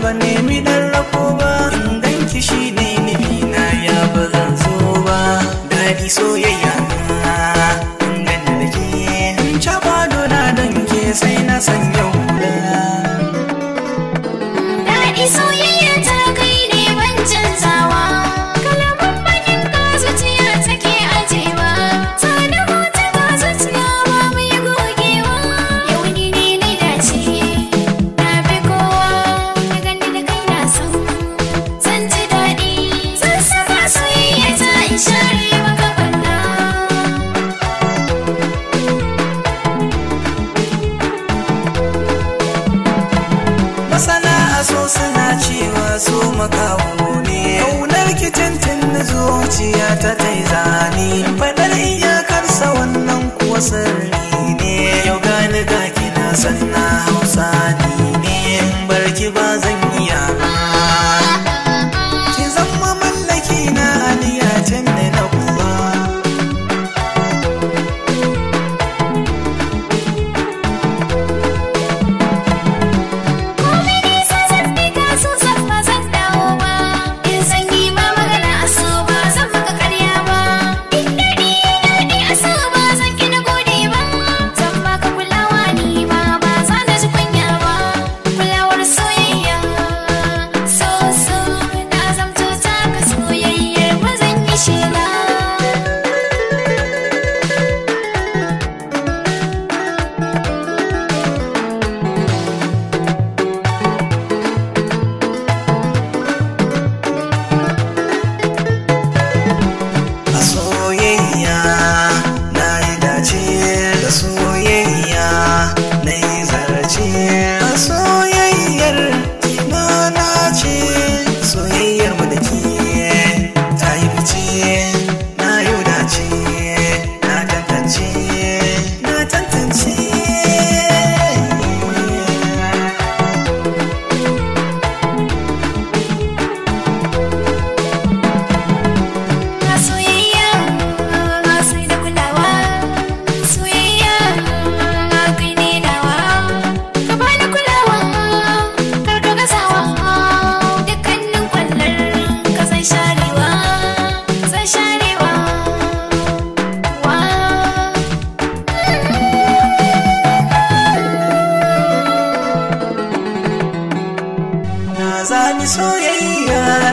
ba nemi dan rako ba in danki shi ne nufi na ya ba zan so ba sarki ne yau gani ga kina sanna hausa sami soyayya